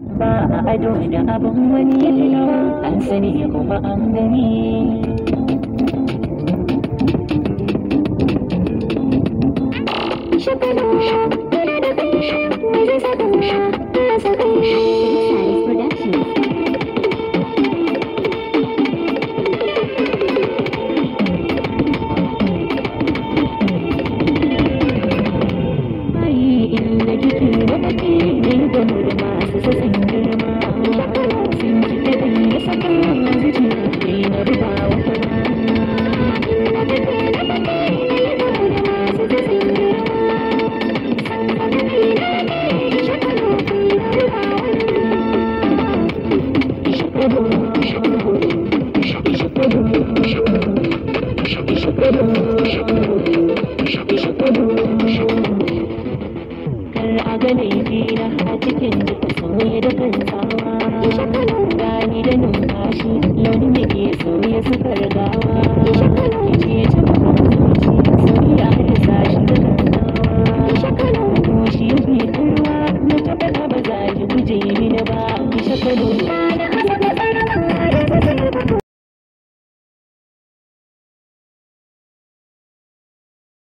ba a ado da abin wani an sani kuma an gani shakalu shakalu da kai mai zai gane ni na a cikin da ta sauye da kansa. Gani da nuna. shi launin ke sauya suka rigawa ya shakalo ya ce shi da gaggawa ya shi ya fi na ba za ki yi mini ba ya shakalo